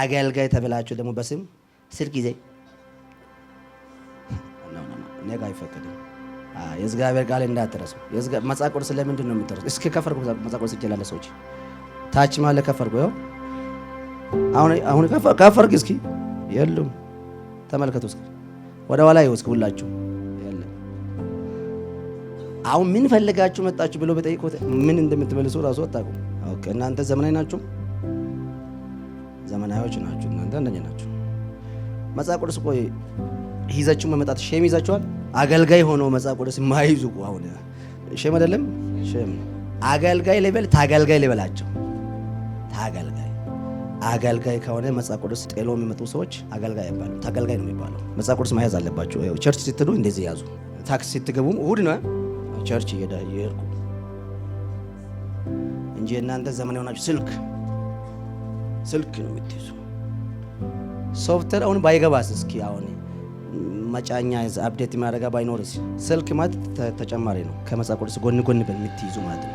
አገልጋይ ተብላችሁ ደግሞ በስም ስልክ ጊዜ እኔ ጋር አይፈቀድም። የእግዚአብሔር ቃል እንዳትረሱ። መጽሐፍ ቅዱስ ለምንድን ነው የምትረሱ? እስኪ ከፈርኩ መጽሐፍ ቅዱስ ይችላለ ሰዎች ታች ማለ ከፈርኩ ይኸው አሁን አሁን ከፈርክ እስኪ የሉም። ተመልከቱ እስኪ ወደ ኋላ ይኸው እስኪ ሁላችሁ አሁን ምን ፈልጋችሁ መጣችሁ ብሎ በጠይቆት ምን እንደምትመልሱ ራሱ አታውቁም። ኦኬ እናንተ ዘመናዊ ናችሁ። ዘመናዊዎች ናችሁ እናንተ እንደኛ ናችሁ። መጽሐፍ ቅዱስ ቆይ ይዛችሁ መመጣት ሼም ይዛችኋል። አገልጋይ ሆኖ መጽሐፍ ቅዱስ የማይዙ አሁን ሼም አይደለም ሼም አገልጋይ ሌበል ታገልጋይ ሌበላቸው ታገልጋይ አገልጋይ ከሆነ መጽሐፍ ቅዱስ ጤሎ የሚመጡ ሰዎች አገልጋይ ይባሉ ታገልጋይ ነው የሚባለው። መጽሐፍ ቅዱስ መያዝ አለባቸው። ቸርች ስትሉ እንደዚህ ያዙ። ታክሲ ስትገቡም እሁድ ነው ቸርች እየሄድኩ እንጂ እናንተ ዘመን የሆናችሁ ስልክ ስልክ ነው የምትይዙ። ሶፍትዌር አሁን ባይገባስ እስኪ አሁን መጫኛ አፕዴት የሚያደርጋ ባይኖርስ ስልክ ማለት ተጨማሪ ነው። ከመጽሐፍ ቅዱስ ጎን ጎን በምትይዙ ማለት ነው።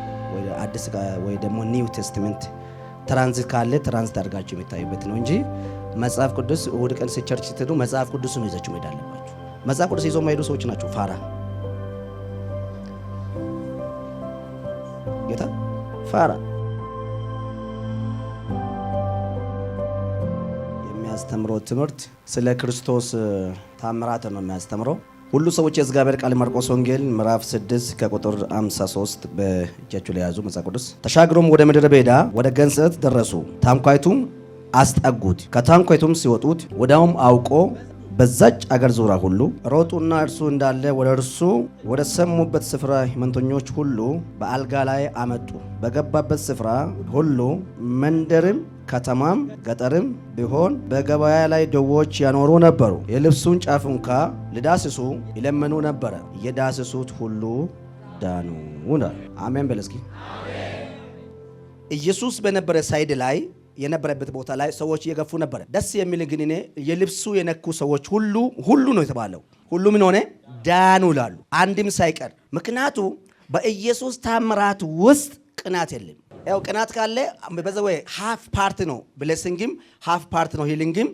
አዲስ ወይ ደግሞ ኒው ቴስትመንት ትራንዚት ካለ ትራንዚት አድርጋችሁ የሚታዩበት ነው እንጂ መጽሐፍ ቅዱስ እሑድ ቀን ቸርች ስትሄዱ መጽሐፍ ቅዱስ ነው ይዛችሁ መሄድ አለባችሁ። መጽሐፍ ቅዱስ ይዞ የማይሄዱ ሰዎች ናቸው ፋራ ጌታ ፋራ የሚያስተምረው ትምህርት ስለ ክርስቶስ ታምራት ነው የሚያስተምረው። ሁሉ ሰዎች የእግዚአብሔር ቃል ማርቆስ ወንጌል ምዕራፍ 6 ከቁጥር 53 በእጃችሁ ላይ ያዙ መጽሐፍ ቅዱስ። ተሻግሮም ወደ ምድረ በዳ ወደ ገንሰት ደረሱ። ታንኳይቱም አስጠጉት። ከታንኳይቱም ሲወጡት ወዳውም አውቆ በዛች አገር ዙራ ሁሉ ሮጡና እርሱ እንዳለ ወደ እርሱ ወደ ሰሙበት ስፍራ ሕመምተኞች ሁሉ በአልጋ ላይ አመጡ። በገባበት ስፍራ ሁሉ መንደርም ከተማም ገጠርም ቢሆን በገበያ ላይ ደዎች ያኖሩ ነበሩ። የልብሱን ጫፍ እንኳ ሊዳስሱ ይለምኑ ነበረ። የዳስሱት ሁሉ ዳኑ። አሜን በለስኪ ኢየሱስ በነበረ ሳይድ ላይ የነበረበት ቦታ ላይ ሰዎች እየገፉ ነበረ። ደስ የሚል ግን እኔ የልብሱ የነኩ ሰዎች ሁሉ ሁሉ ነው የተባለው። ሁሉ ምን ሆነ? ዳኑ ይላሉ፣ አንድም ሳይቀር። ምክንያቱ በኢየሱስ ታምራት ውስጥ ቅናት የለም። ያው ቅናት ካለ በዛ ወይ ሃፍ ፓርት ነው ብለሲንግም፣ ሃፍ ፓርት ነው ሂሊንግም፣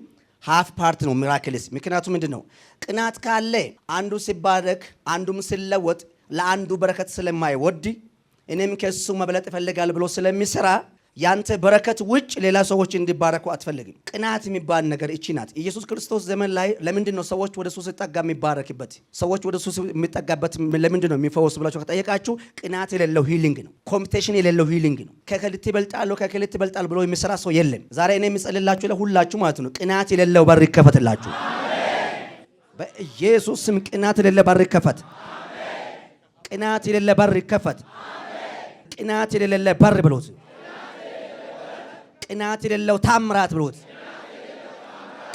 ሃፍ ፓርት ነው ሚራክልስ። ምክንያቱም ምንድን ነው? ቅናት ካለ አንዱ ሲባረክ አንዱም ሲለወጥ ለአንዱ በረከት ስለማይወድ እኔም ከሱ መብለጥ ይፈልጋል ብሎ ስለሚሰራ ያንተ በረከት ውጭ ሌላ ሰዎች እንዲባረኩ አትፈልግም። ቅናት የሚባል ነገር እቺ ናት። ኢየሱስ ክርስቶስ ዘመን ላይ ለምንድን ነው ሰዎች ወደ ሱ ሲጠጋ የሚባረክበት ሰዎች ወደ ሱ የሚጠጋበት ለምንድን ነው የሚፈወስ ብላችሁ ከጠየቃችሁ ቅናት የሌለው ሂሊንግ ነው። ኮምፒቴሽን የሌለው ሂሊንግ ነው። ከክልት ይበልጣሉ ከክልት ይበልጣል ብሎ የሚሰራ ሰው የለም። ዛሬ እኔ የሚጸልላችሁ ለሁላችሁ ማለት ነው ቅናት የሌለው በር ይከፈትላችሁ በኢየሱስ ስም። ቅናት የሌለ በር ይከፈት። ቅናት የሌለ በር ይከፈት። ቅናት የሌለ በር ብሎት ቅናት የሌለው ታምራት ብሎት፣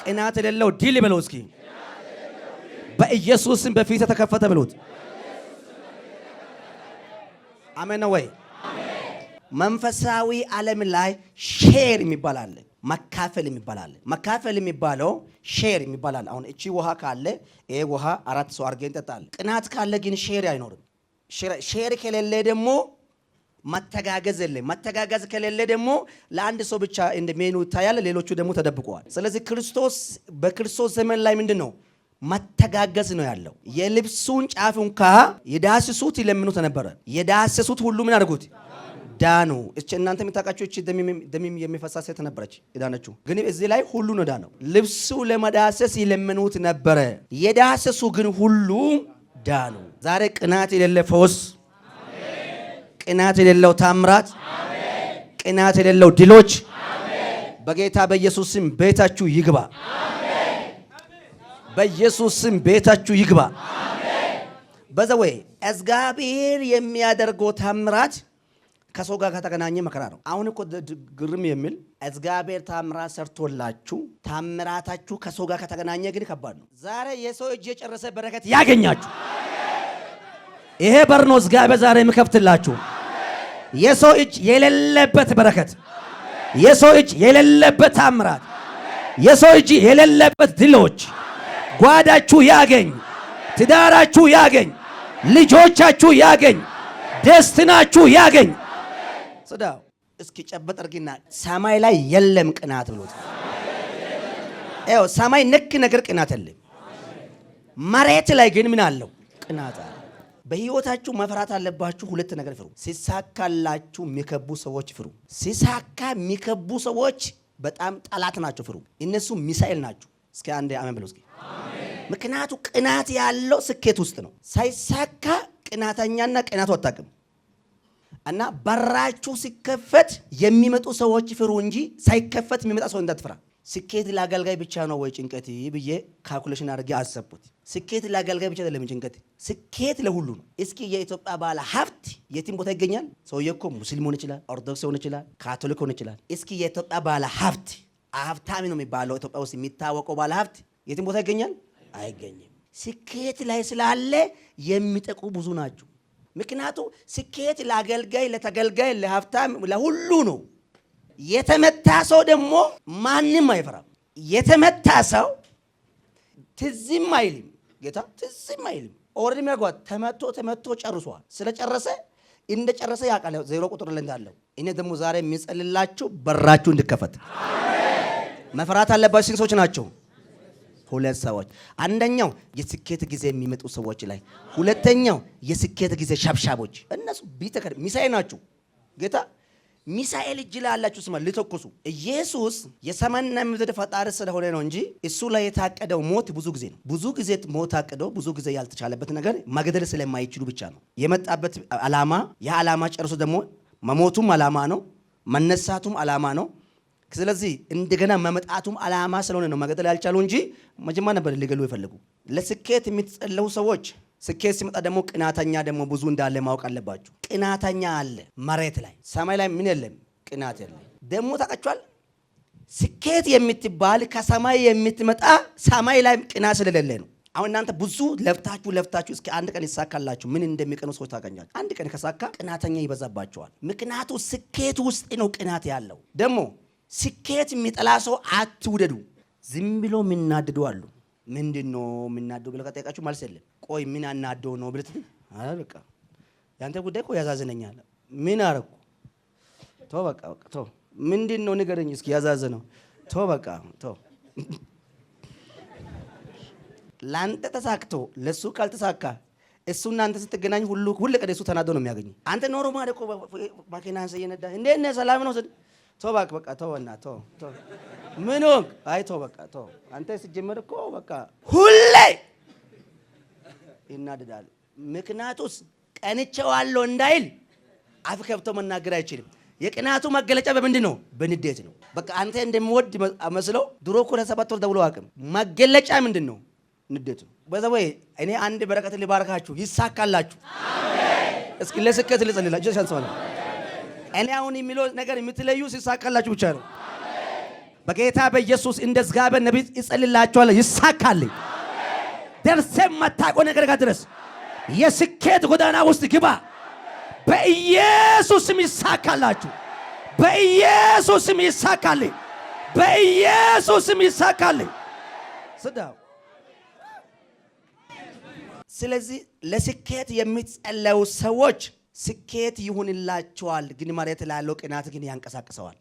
ቅናት የሌለው ድል ብሎ እስኪ በኢየሱስም በፊት ተከፈተ ብሎት። አሜን ነው ወይ? መንፈሳዊ ዓለም ላይ ሼር የሚባል አለ፣ መካፈል የሚባል አለ። መካፈል የሚባለው ሼር የሚባል አለ። አሁን እቺ ውሃ ካለ ይሄ ውሃ አራት ሰው አድርገን ይጠጣል። ቅናት ካለ ግን ሼር አይኖርም። ሼር ከሌለ ደግሞ መተጋገዝ የለም። መተጋገዝ ከሌለ ደግሞ ለአንድ ሰው ብቻ እንደ ሜኑ ይታያል፣ ሌሎቹ ደግሞ ተደብቀዋል። ስለዚህ ክርስቶስ በክርስቶስ ዘመን ላይ ምንድን ነው መተጋገዝ ነው ያለው። የልብሱን ጫፍ እንኳ የዳስሱት ይለምኑት ነበረ። የዳስሱት ሁሉ ምን አድርጉት ዳኑ። እቺ እናንተ የምታውቃችሁ እቺ ደሚም የሚፈሳ ሴት ነበረች የዳነችው። ግን እዚህ ላይ ሁሉ ነው ዳነው። ልብሱ ለመዳሰስ ይለምኑት ነበረ። የዳሰሱ ግን ሁሉ ዳኑ። ዛሬ ቅናት የሌለ ፈውስ ቅናት የሌለው ታምራት፣ ቅናት የሌለው ድሎች በጌታ በኢየሱስ ስም ቤታችሁ ይግባ። በኢየሱስ ስም ቤታችሁ ይግባ። በዘወይ እግዚአብሔር የሚያደርገው ታምራት ከሰው ጋር ከተገናኘ መከራ ነው። አሁን እኮ ግርም የሚል እግዚአብሔር ታምራት ሰርቶላችሁ ታምራታችሁ ከሰው ጋር ከተገናኘ ግን ከባድ ነው። ዛሬ የሰው እጅ የጨረሰ በረከት ያገኛችሁ። ይሄ በር ነው እግዚአብሔር ዛሬ የሚከፍትላችሁ። የሰው እጅ የሌለበት በረከት፣ የሰው እጅ የሌለበት ታምራት፣ የሰው እጅ የሌለበት ድሎች ጓዳችሁ ያገኝ፣ ትዳራችሁ ያገኝ፣ ልጆቻችሁ ያገኝ፣ ደስትናችሁ ያገኝ። ጽዳው እስኪ ጨበጥ አድርጊና ሰማይ ላይ የለም ቅናት ብሎት ሰማይ ነክ ነገር ቅናት የለም። መሬት ላይ ግን ምን አለው? ቅናት በህይወታችሁ መፍራት አለባችሁ። ሁለት ነገር ፍሩ። ሲሳካላችሁ የሚከቡ ሰዎች ፍሩ። ሲሳካ የሚከቡ ሰዎች በጣም ጠላት ናቸው፣ ፍሩ። እነሱ ሚሳኤል ናቸው። እስኪ አንድ አሜን ብሎ እስኪ። ምክንያቱ ቅናት ያለው ስኬት ውስጥ ነው። ሳይሳካ ቅናተኛና ቅናቱ አታውቅም። እና በራችሁ ሲከፈት የሚመጡ ሰዎች ፍሩ እንጂ ሳይከፈት የሚመጣ ሰው እንዳትፈራ። ስኬት ለአገልጋይ ብቻ ነው ወይ ጭንቀት ብዬ ካልኩሌሽን አድርጌ አሰብኩት። ስኬት ለአገልጋይ ብቻ ለምን ጭንቀት? ስኬት ለሁሉ ነው። እስኪ የኢትዮጵያ ባለ ሀብት የትም ቦታ ይገኛል። ሰውዬ እኮ ሙስሊም ሆን ይችላል፣ ኦርቶዶክስ ሆን ይችላል፣ ካቶሊክ ሆን ይችላል። እስኪ የኢትዮጵያ ባለ ሀብት ሀብታሚ ነው የሚባለው ኢትዮጵያ ውስጥ የሚታወቀው ባለ ሀብት የትም ቦታ ይገኛል? አይገኝም። ስኬት ላይ ስላለ የሚጠቁ ብዙ ናቸው። ምክንያቱ ስኬት ለአገልጋይ፣ ለተገልጋይ፣ ለሀብታም፣ ለሁሉ ነው። የተመታ ሰው ደግሞ ማንም አይፈራም። የተመታ ሰው ትዝም አይልም። ጌታ ትዝም አይልም። ኦልሬዲ የሚያጓት ተመቶ ተመቶ ጨርሷል። ስለጨረሰ እንደጨረሰ ጨረሰ ያውቃል። ዜሮ ቁጥር ላይ እንዳለው እኔ ደግሞ ዛሬ የሚጸልላችሁ በራችሁ እንድከፈት መፍራት አለባችሁ። ስንት ሰዎች ናቸው? ሁለት ሰዎች። አንደኛው የስኬት ጊዜ የሚመጡ ሰዎች ላይ፣ ሁለተኛው የስኬት ጊዜ ሻብሻቦች። እነሱ ቢተከር ሚሳይ ናችሁ ጌታ ሚሳኤል እጅ ላይ ያላችሁ ስማ፣ ልተኩሱ። ኢየሱስ የሰማይና ምድር ፈጣሪ ስለሆነ ነው እንጂ እሱ ላይ የታቀደው ሞት ብዙ ጊዜ ነው። ብዙ ጊዜ ሞት ታቅደው ብዙ ጊዜ ያልተቻለበት ነገር መገደል ስለማይችሉ ብቻ ነው። የመጣበት ዓላማ ያ ዓላማ ጨርሶ ደግሞ መሞቱም ዓላማ ነው፣ መነሳቱም ዓላማ ነው። ስለዚህ እንደገና መመጣቱም ዓላማ ስለሆነ ነው መገደል ያልቻሉ እንጂ መጀመሪያ ነበር ሊገሉ የፈለጉ። ለስኬት የሚጸለው ሰዎች ስኬት ሲመጣ ደግሞ ቅናተኛ ደግሞ ብዙ እንዳለ ማወቅ አለባችሁ። ቅናተኛ አለ መሬት ላይ፣ ሰማይ ላይ ምን የለም፣ ቅናት የለም። ደግሞ ታውቃችኋል፣ ስኬት የምትባል ከሰማይ የምትመጣ ሰማይ ላይ ቅናት ስለሌለ ነው። አሁን እናንተ ብዙ ለፍታችሁ ለፍታችሁ እስከ አንድ ቀን ይሳካላችሁ፣ ምን እንደሚቀኑ ሰዎች ታገኛችሁ። አንድ ቀን ከሳካ ቅናተኛ ይበዛባቸዋል። ምክንያቱ ስኬት ውስጥ ነው ቅናት ያለው። ደግሞ ስኬት የሚጠላ ሰው አትውደዱ። ዝም ብሎ የሚናድዱ አሉ። ምንድን ነው የምናደው ብለህ ከጠየቃችሁ መልስ የለም። ቆይ ምን አናደው ነው ብለት አረ በቃ ያንተ ጉዳይ ቆይ ያዛዝነኛል። ምን አረኩ? ቶ በቃ በቃ ቶ ምንድን ነው ንገረኝ እስኪ ያዛዝነው። ቶ በቃ ቶ ለአንተ ተሳክቶ ለሱ ካልተሳካ እሱ እናንተ ስትገናኝ ሁሉ ሁሉ ቀን ተናዶ ነው የሚያገኝ። አንተ ኖሮ እኮ ማኪና ሰየነዳ እንዴት ሰላም ነው ተው እባክህ በቃ ተው እና ተው ተው ምን ሆንክ? አይ ተው በቃ ተው። አንተ ሲጀመር እኮ በቃ ሁሌ ይናደዳል። ምክንያቱስ ቀንቼዋለሁ እንዳይል አፍ ከብቶ መናገር አይችልም። የቅናቱ መገለጫ በምንድን ነው? በንዴት ነው። በቃ አንተ እንደምወድ መስለው ድሮ እኮ ለሰባት ወር ደውሎ አቅም መገለጫ ምንድን ነው? ንዴት ነው። በዛ እኔ አንድ በረከት ሊባርካችሁ ይሳካላችሁ። እስኪ ለስኬት ልጸልላችሁ እኔ አሁን የሚለው ነገር የምትለዩ ሲሳካላችሁ ብቻ ነው። በጌታ በኢየሱስ እንደ እግዚአብሔር ነቢይ ይጸልላችኋል። ይሳካል። ደርሰ መታቆ ነገር ጋር ድረስ የስኬት ጎዳና ውስጥ ግባ። በኢየሱስም ይሳካላችሁ። በኢየሱስም ይሳካል፣ በኢየሱስም ይሳካል። ስዳው ስለዚህ ለስኬት የሚጸለዩ ሰዎች ስኬት ይሁንላቸዋል፣ ግን መሬት ላለው ቅናት ግን ያንቀሳቅሰዋል።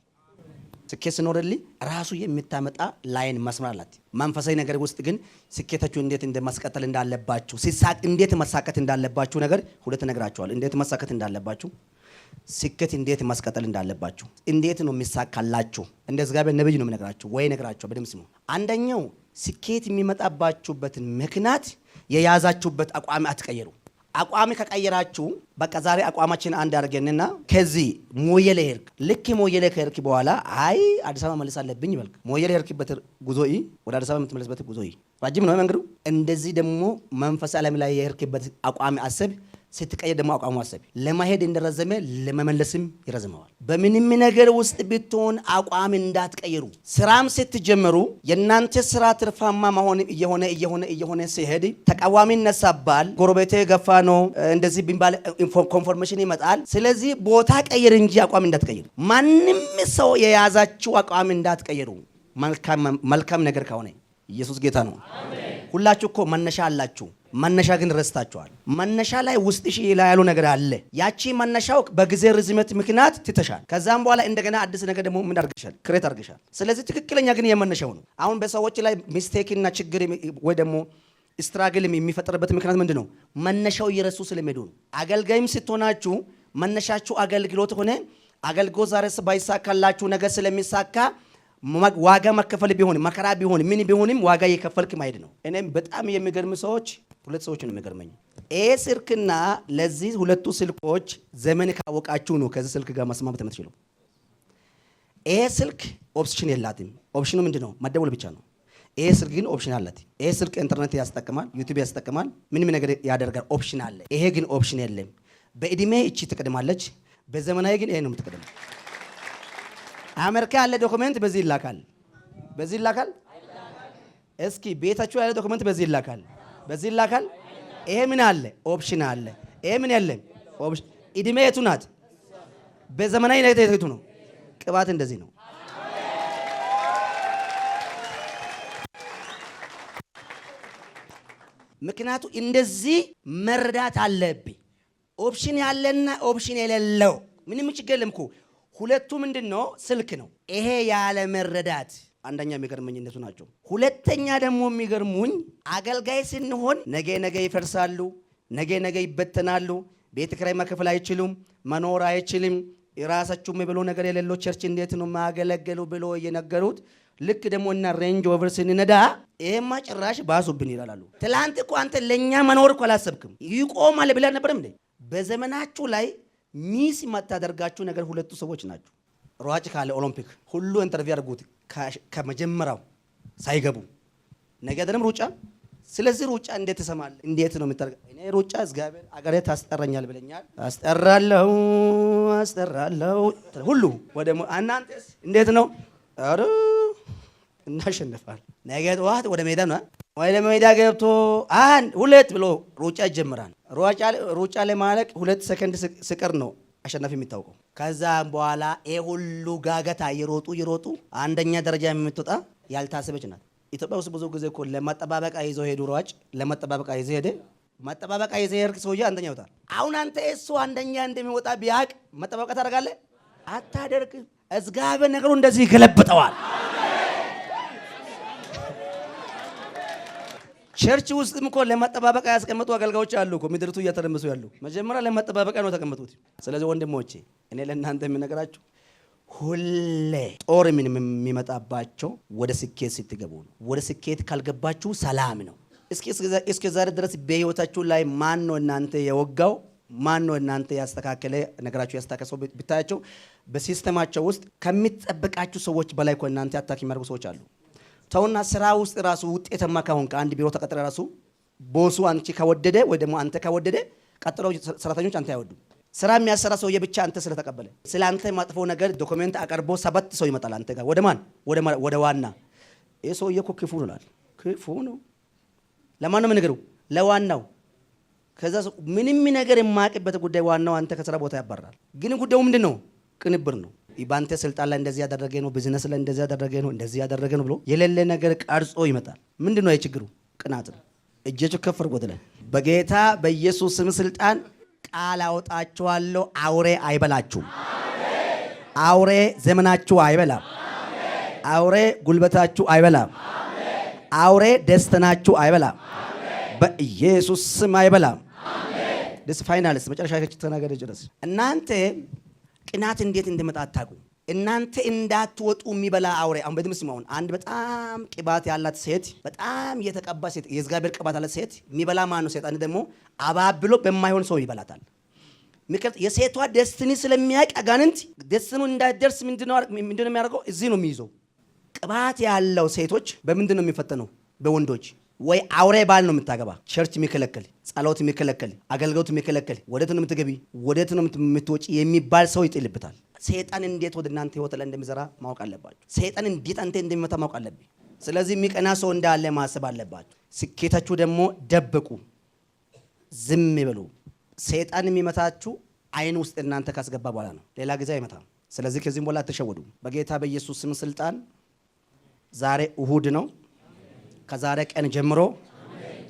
ስኬት ስኖርልኝ ራሱ የምታመጣ ላይን መስመር አላት። መንፈሳዊ ነገር ውስጥ ግን ስኬታችሁ እንዴት እንደማስቀጠል እንዳለባችሁ፣ ሲሳቅ እንዴት መሳቀት እንዳለባችሁ ነገር ሁለት ነግራችኋል። እንዴት መሳቀት እንዳለባችሁ፣ ስኬት እንዴት ማስቀጠል እንዳለባችሁ፣ እንዴት ነው የሚሳካላችሁ። እንደ እግዚአብሔር ነብይ ነው የምነግራችሁ ወይ ነግራችሁ በደምብ ስሙ። አንደኛው ስኬት የሚመጣባችሁበትን ምክንያት የያዛችሁበት አቋም አትቀየሩ። አቋሚ ከቀየራችሁ በቃ ዛሬ አቋማችን አንድ አድርገንና ከዚህ ሞየሌ ሄርክ ልክ ሞየሌ ከሄርክ በኋላ አይ አዲስ አበባ መልስ አለብኝ ይበልክ ሞየሌ ሄርክበት ጉዞ ወደ አዲስ አበባ የምትመለስበት ጉዞ ረጅም ነው መንገዱ። እንደዚህ ደግሞ መንፈስ ዓለም ላይ የሄርክበት አቋሚ አሰብ ስትቀየር ደግሞ አቋሙ አሰብ ለማሄድ እንደረዘመ ለመመለስም ይረዝመዋል። በምንም ነገር ውስጥ ብትሆን አቋም እንዳትቀይሩ። ስራም ስትጀምሩ የእናንተ ስራ ትርፋማ መሆን እየሆነ እየሆነ እየሆነ ሲሄድ ተቃዋሚ ይነሳባል። ጎረቤቴ ገፋ ነው እንደዚህ ቢባል ኮንፎርሜሽን ይመጣል። ስለዚህ ቦታ ቀይር እንጂ አቋም እንዳትቀይሩ። ማንም ሰው የያዛችው አቋም እንዳትቀይሩ። መልካም ነገር ከሆነ ኢየሱስ ጌታ ነው። ሁላችሁ እኮ መነሻ አላችሁ። መነሻ ግን ረስታቸዋል። መነሻ ላይ ውስጥሽ ይላ ያሉ ነገር አለ። ያቺ መነሻው በጊዜ ርዝመት ምክንያት ትተሻል። ከዛም በኋላ እንደገና አዲስ ነገር ደግሞ ምን አርግሻል? ክሬት አርግሻል። ስለዚህ ትክክለኛ ግን የመነሻው ነው። አሁን በሰዎች ላይ ሚስቴክና ችግር ወይ ደግሞ ስትራግል የሚፈጠርበት ምክንያት ምንድን ነው? መነሻው እየረሱ ስለሚሄዱ ነው። አገልጋይም ስትሆናችሁ መነሻችሁ አገልግሎት ሆነ አገልግሎት ዛሬ ባይሳካላችሁ ነገር ስለሚሳካ ዋጋ መከፈል ቢሆን መከራ ቢሆን ምን ቢሆንም ዋጋ እየከፈልክ ማሄድ ነው። እኔም በጣም የሚገርም ሰዎች ሁለት ሰዎች ነው የሚገርመኝ። ኤ ስልክና ለዚህ ሁለቱ ስልኮች ዘመን ካወቃችሁ ነው ከዚህ ስልክ ጋር ማስማማት የምትችሉ። ይሄ ስልክ ኦፕሽን የላትም። ኦፕሽኑ ምንድ ነው? መደወል ብቻ ነው። ኤ ስልክ ግን ኦፕሽን አላት። ይሄ ስልክ ኢንተርኔት ያስጠቅማል፣ ዩቲዩብ ያስጠቅማል፣ ምንም ነገር ያደርጋል። ኦፕሽን አለ። ይሄ ግን ኦፕሽን የለም። በእድሜ እቺ ትቀድማለች፣ በዘመናዊ ግን ይሄ ነው የምትቀድመው። አሜሪካ ያለ ዶክመንት በዚህ ይላካል፣ በዚህ ይላካል። እስኪ ቤታችሁ ያለ ዶክመንት በዚህ ይላካል። በዚህ ይላካል። ይሄ ምን አለ? ኦፕሽን አለ። ይሄ ምን የለም። እድሜ የቱ ናት? በዘመናዊ የቱ ነው? ቅባት እንደዚህ ነው። ምክንያቱ እንደዚህ መረዳት አለብኝ። ኦፕሽን ያለና ኦፕሽን የሌለው ምንም ችግር የለም እኮ ሁለቱ ምንድን ነው? ስልክ ነው። ይሄ ያለ መረዳት አንደኛ የሚገርመኝ እነሱ ናቸው። ሁለተኛ ደግሞ የሚገርሙኝ አገልጋይ ስንሆን ነገ ነገ ይፈርሳሉ፣ ነገ ነገ ይበተናሉ፣ ቤት ክራይ መክፈል አይችሉም፣ መኖር አይችልም፣ ራሳችሁ የሚበሉ ነገር የሌለው ቸርች እንዴት ነው ማገለገሉ ብሎ እየነገሩት ልክ ደግሞ እና ሬንጅ ኦቨር ስንነዳ ይሄማ ጭራሽ ባሱብን ይላሉ። ትላንት እኮ አንተ ለእኛ መኖር እኮ አላሰብክም ይቆማል ብላ ነበርም። በዘመናችሁ ላይ ሚስ የማታደርጋችሁ ነገር ሁለቱ ሰዎች ናቸው። ሯጭ ካለ ኦሎምፒክ ሁሉ ኢንተርቪው አድርጉት ከመጀመሪያው ሳይገቡ ነገ ደግሞ ሩጫ። ስለዚህ ሩጫ እንዴት ትሰማለህ? እንዴት ነው የምታደርገው? እኔ ሩጫ እግዚአብሔር አገሬ ታስጠራኛል ብለኛል። አስጠራለሁ፣ አስጠራለሁ ሁሉ ወደ እናንተስ እንዴት ነው? አረ እናሸንፋል። ነገ ጠዋት ወደ ሜዳ ነው ወደ ሜዳ ገብቶ አንድ ሁለት ብሎ ሩጫ ይጀምራል። ሩጫ ላይ ማለቅ ሁለት ሰከንድ ስቀር ነው አሸናፊ የሚታወቀው። ከዛ በኋላ ይህ ሁሉ ጋገታ የሮጡ የሮጡ አንደኛ ደረጃ የምትወጣ ያልታሰበች ናት። ኢትዮጵያ ውስጥ ብዙ ጊዜ እኮ ለመጠባበቃ ይዘው ሄዱ ሯጭ ለመጠባበቃ ይዞ ሄደ መጠባበቃ ይዘ ሄድክ ሰውዬ አንደኛ ይወጣል። አሁን አንተ እሱ አንደኛ እንደሚወጣ ቢያቅ መጠባበቃ ታደርጋለህ? አታደርግም። እዝጋበ ነገሩ እንደዚህ ይገለብጠዋል። ቸርች ውስጥም እኮ ለማጠባበቅ ያስቀመጡ አገልጋዮች አሉ እኮ ምድርቱ እያተረመሱ ያሉ መጀመሪያ ለማጠባበቂያ ነው የተቀመጡት። ስለዚህ ወንድሞቼ እኔ ለእናንተ የምነግራችሁ ሁሌ ጦር የሚመጣባቸው ወደ ስኬት ስትገቡ ነው። ወደ ስኬት ካልገባችሁ ሰላም ነው። እስከ ዛሬ ድረስ በህይወታችሁ ላይ ማን ነው እናንተ የወጋው? ማን ነው እናንተ ያስተካከለ ነገራችሁ ያስተካከሰው? ብታያቸው በሲስተማቸው ውስጥ ከሚጠበቃችሁ ሰዎች በላይ እኮ እናንተ አታክ የሚያደርጉ ሰዎች አሉ። ሰውና ስራ ውስጥ ራሱ ውጤታማ ከሆንክ አንድ ቢሮ ተቀጥረ ራሱ ቦሱ አንቺ ከወደደ ወይ ደግሞ አንተ ከወደደ ቀጥሎ ሰራተኞች አንተ አይወዱም። ስራ የሚያሰራ ሰውዬ ብቻ አንተ ስለተቀበለ ስለ አንተ መጥፎ ነገር ዶክሜንት አቀርቦ ሰባት ሰው ይመጣል አንተ ጋር ወደ ማን ወደ ዋና። ይህ ሰውዬ እኮ ክፉ ይላል። ክፉ ነው። ለማን ነው የምንገረው? ለዋናው። ከዛ ምንም ነገር የማያውቅበት ጉዳይ ዋናው አንተ ከስራ ቦታ ያባራል። ግን ጉዳዩ ምንድን ነው? ቅንብር ነው። በአንተ ስልጣን ላይ እንደዚህ ያደረገ ነው፣ ቢዝነስ ላይ እንደዚህ ያደረገ ነው፣ እንደዚህ ያደረገ ነው ብሎ የሌለ ነገር ቀርጾ ይመጣል። ምንድን ነው የችግሩ? ቅናት ነው። እጀቹ ከፍር አድርጎ በጌታ በኢየሱስ ስም ስልጣን ቃል አወጣችኋለሁ። አውሬ አይበላችሁም። አውሬ ዘመናችሁ አይበላም። አውሬ ጉልበታችሁ አይበላም። አውሬ ደስተናችሁ አይበላም። በኢየሱስ ስም አይበላም። ደስ ፋይናልስ መጨረሻ ተናገረ ድረስ እናንተ ቅናት እንዴት እንደመጣ አታውቁ። እናንተ እንዳትወጡ የሚበላ አውሬ። አሁን በድምስ አሁን አንድ በጣም ቅባት ያላት ሴት፣ በጣም የተቀባ ሴት፣ የእግዚአብሔር ቅባት ያላት ሴት የሚበላ ነው? ሴጣን ደግሞ አባብሎ በማይሆን ሰው ይበላታል። ምክንያት የሴቷ ደስትኒ ስለሚያውቅ አጋንንት ደስትኑ እንዳይደርስ ምንድነው የሚያደርገው? እዚህ ነው የሚይዘው። ቅባት ያለው ሴቶች በምንድን ነው የሚፈተነው? በወንዶች ወይ አውሬ ባል ነው የምታገባ። ቸርች የሚከለከል ጸሎት የሚከለከል አገልግሎት የሚከለከል ወደት ነው የምትገቢ፣ ወደት ነው የምትወጪ የሚባል ሰው ይጥልብታል። ሰይጣን እንዴት ወደ እናንተ ህይወት ላይ እንደሚዘራ ማወቅ አለባችሁ። ሰይጣን እንዴት አንተ እንደሚመታ ማወቅ አለብኝ። ስለዚህ የሚቀና ሰው እንዳለ ማሰብ አለባችሁ። ስኬታችሁ ደግሞ ደብቁ፣ ዝም ይበሉ። ሰይጣን የሚመታችሁ አይን ውስጥ እናንተ ካስገባ በኋላ ነው። ሌላ ጊዜ አይመታም። ስለዚህ ከዚህም በኋላ አትሸወዱ። በጌታ በኢየሱስ ስም ስልጣን ዛሬ እሁድ ነው። ከዛሬ ቀን ጀምሮ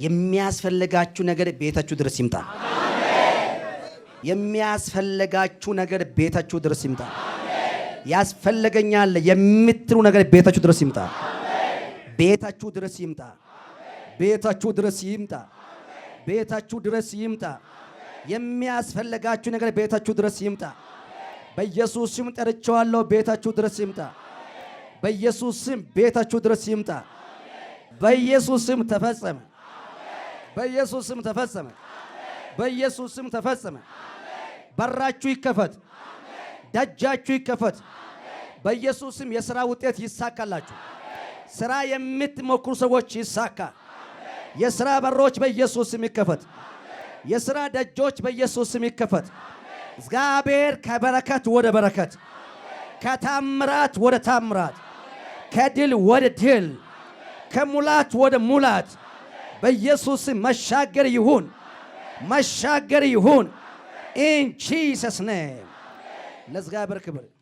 የሚያስፈልጋችሁ ነገር ቤታችሁ ድረስ ይምጣ። የሚያስፈልጋችሁ ነገር ቤታችሁ ድረስ ይምጣ። ያስፈልገኛል የምትሉ ነገር ቤታችሁ ድረስ ይምጣ። ቤታችሁ ድረስ ይምጣ። ቤታችሁ ድረስ ይምጣ። ቤታችሁ ድረስ ይምጣ። የሚያስፈልጋችሁ ነገር ቤታችሁ ድረስ ይምጣ። በኢየሱስ ስም ጠርቼዋለሁ። ቤታችሁ ድረስ ይምጣ። በኢየሱስ ስም ቤታችሁ ድረስ ይምጣ። በኢየሱስ ስም ተፈጸመ። በኢየሱስ ስም ተፈጸመ። በኢየሱስ ስም ተፈጸመ። በራችሁ ይከፈት፣ ደጃችሁ ይከፈት። በኢየሱስ ስም የሥራ ውጤት ይሳካላችሁ። ሥራ የምትሞክሩ ሰዎች ይሳካ። የሥራ በሮች በኢየሱስ ስም ይከፈት። የሥራ ደጆች በኢየሱስ ስም ይከፈት። እግዚአብሔር ከበረከት ወደ በረከት፣ ከታምራት ወደ ታምራት፣ ከድል ወደ ድል ከሙላት ወደ ሙላት በኢየሱስ መሻገር ይሁን፣ መሻገር ይሁን። ኢን ጂሰስ ኔም ለእግዚአብሔር ክብር